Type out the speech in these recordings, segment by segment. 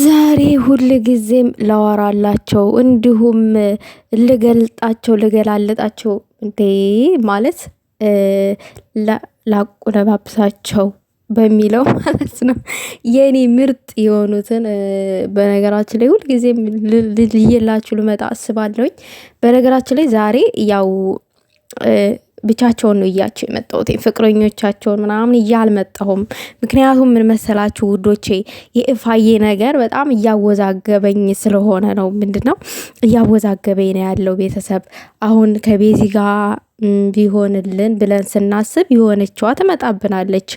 ዛሬ ሁል ጊዜም ላወራላቸው እንዲሁም ልገልጣቸው ልገላለጣቸው እንዴ ማለት ላቁነባብሳቸው በሚለው ማለት ነው። የኔ ምርጥ የሆኑትን በነገራችን ላይ ሁልጊዜም ልየላችሁ ልመጣ አስባለሁኝ። በነገራችን ላይ ዛሬ ያው ብቻቸውን ነው እያቸው የመጣሁት ፍቅረኞቻቸውን ምናምን እያልመጣሁም። ምክንያቱም ምን መሰላችሁ ውዶቼ የእፋዬ ነገር በጣም እያወዛገበኝ ስለሆነ ነው። ምንድን ነው እያወዛገበኝ ነው ያለው ቤተሰብ አሁን ከቤዚ ጋር ቢሆንልን ብለን ስናስብ የሆነችዋ ትመጣብናለች።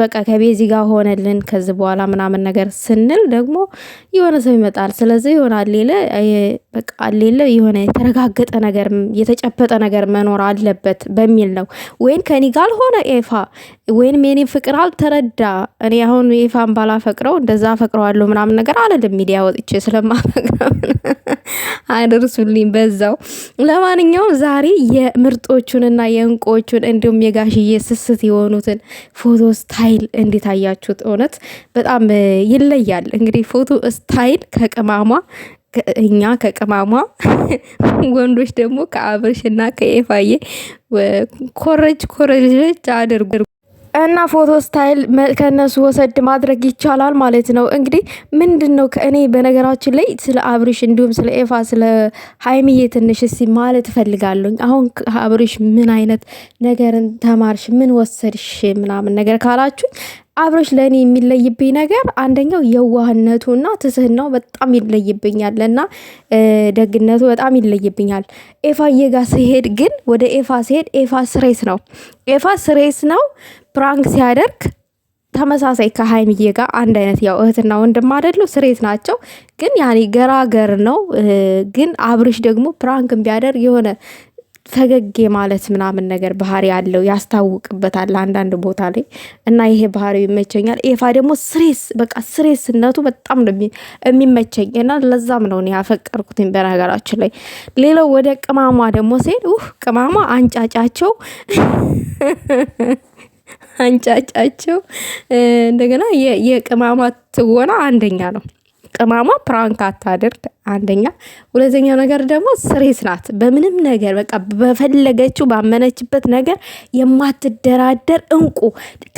በቃ ከቤዚ ጋር ሆነልን ከዚህ በኋላ ምናምን ነገር ስንል ደግሞ የሆነ ሰው ይመጣል። ስለዚህ የሆነ አሌለ በቃ አሌለ የሆነ የተረጋገጠ ነገር የተጨበጠ ነገር መኖር አለበት በሚል ነው። ወይን ከኔ ጋር ሆነ ኤፋ ወይን የኔ ፍቅር አልተረዳ። እኔ አሁን ኤፋን ባላፈቅረው እንደዛ አፈቅረዋለሁ ምናምን ነገር አለል ሚዲያ ወጥቼ ስለማፈቅረው አድርሱልኝ በዛው። ለማንኛውም ዛሬ ምርጦቹንና የእንቆቹን እንዲሁም የጋሽዬ ስስት የሆኑትን ፎቶ ስታይል እንዴት አያችሁት? እውነት በጣም ይለያል። እንግዲህ ፎቶ ስታይል ከቅማሟ እኛ ከቅማሟ ወንዶች ደግሞ ከአብርሽና ከኤፋዬ ኮረጅ ኮረጅ አድርጉ። እና ፎቶ ስታይል ከእነሱ ወሰድ ማድረግ ይቻላል ማለት ነው። እንግዲህ ምንድን ነው ከእኔ በነገራችን ላይ ስለ አብሪሽ እንዲሁም ስለ ኤፋ ስለ ሀይሚዬ ትንሽ እስኪ ማለት እፈልጋለሁኝ። አሁን አብሪሽ ምን አይነት ነገርን ተማርሽ፣ ምን ወሰድሽ ምናምን ነገር ካላችሁ? አብሮች ለእኔ የሚለይብኝ ነገር አንደኛው የዋህነቱና ትስህናው በጣም ይለይብኛል እና ደግነቱ በጣም ይለይብኛል። ኤፋዬ ጋር ስሄድ ግን ወደ ኤፋ ስሄድ ኤፋ ስሬስ ነው። ኤፋ ስሬስ ነው። ፕራንክ ሲያደርግ ተመሳሳይ ከሀይሚዬ ጋር አንድ አይነት ያው እህትና ወንድም አይደሉ ስሬት ናቸው። ግን ያኔ ገራገር ነው። ግን አብርሽ ደግሞ ፕራንክ ቢያደርግ የሆነ ፈገግ ማለት ምናምን ነገር ባህሪ ያለው ያስታውቅበታል አንዳንድ ቦታ ላይ እና ይሄ ባህሪ ይመቸኛል። ኤፋ ደግሞ ስሬስ በቃ ስሬስነቱ በጣም የሚመቸኝ እና ለዛም ነው ያፈቀርኩትኝ። በነገራችን ላይ ሌላው ወደ ቅማሟ ደግሞ ሲሄድ ውህ ቅማሟ አንጫጫቸው አንጫጫቸው እንደገና የቅማሟ ትወና አንደኛ ነው። ቅማማ ፕራንክ አታድርግ፣ አንደኛ። ሁለተኛ ነገር ደግሞ ስሬት ናት። በምንም ነገር በቃ በፈለገችው ባመነችበት ነገር የማትደራደር እንቁ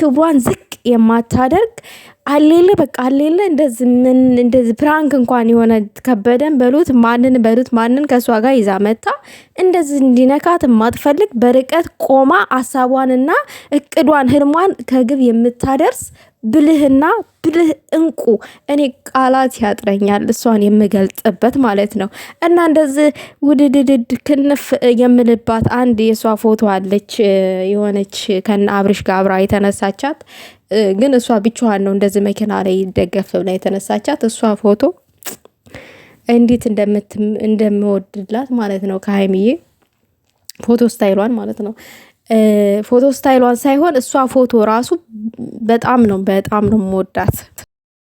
ክብሯን ዝቅ የማታደርግ አሌለ በቃ አሌለ እንደዚህ እንደዚህ ፕራንክ እንኳን የሆነ ከበደን በሉት ማንን በሉት ማንን ከእሷ ጋር ይዛ መታ እንደዚህ እንዲነካት የማትፈልግ በርቀት ቆማ አሳቧንና እቅዷን ህልሟን ከግብ የምታደርስ ብልህና ብልህ እንቁ። እኔ ቃላት ያጥረኛል እሷን የምገልጥበት ማለት ነው። እና እንደዚህ ውድድድድ ክንፍ የምልባት አንድ የእሷ ፎቶ አለች የሆነች ከነ አብርሽ ጋር አብራ የተነሳቻት ግን እሷ ብቻዋን ነው በዚህ መኪና ላይ ይደገፍ ብላ የተነሳቻት እሷ ፎቶ እንዴት እንደምወድላት ማለት ነው። ከሀይምዬ ፎቶ ስታይሏን ማለት ነው። ፎቶ ስታይሏን ሳይሆን እሷ ፎቶ ራሱ በጣም ነው በጣም ነው የምወዳት።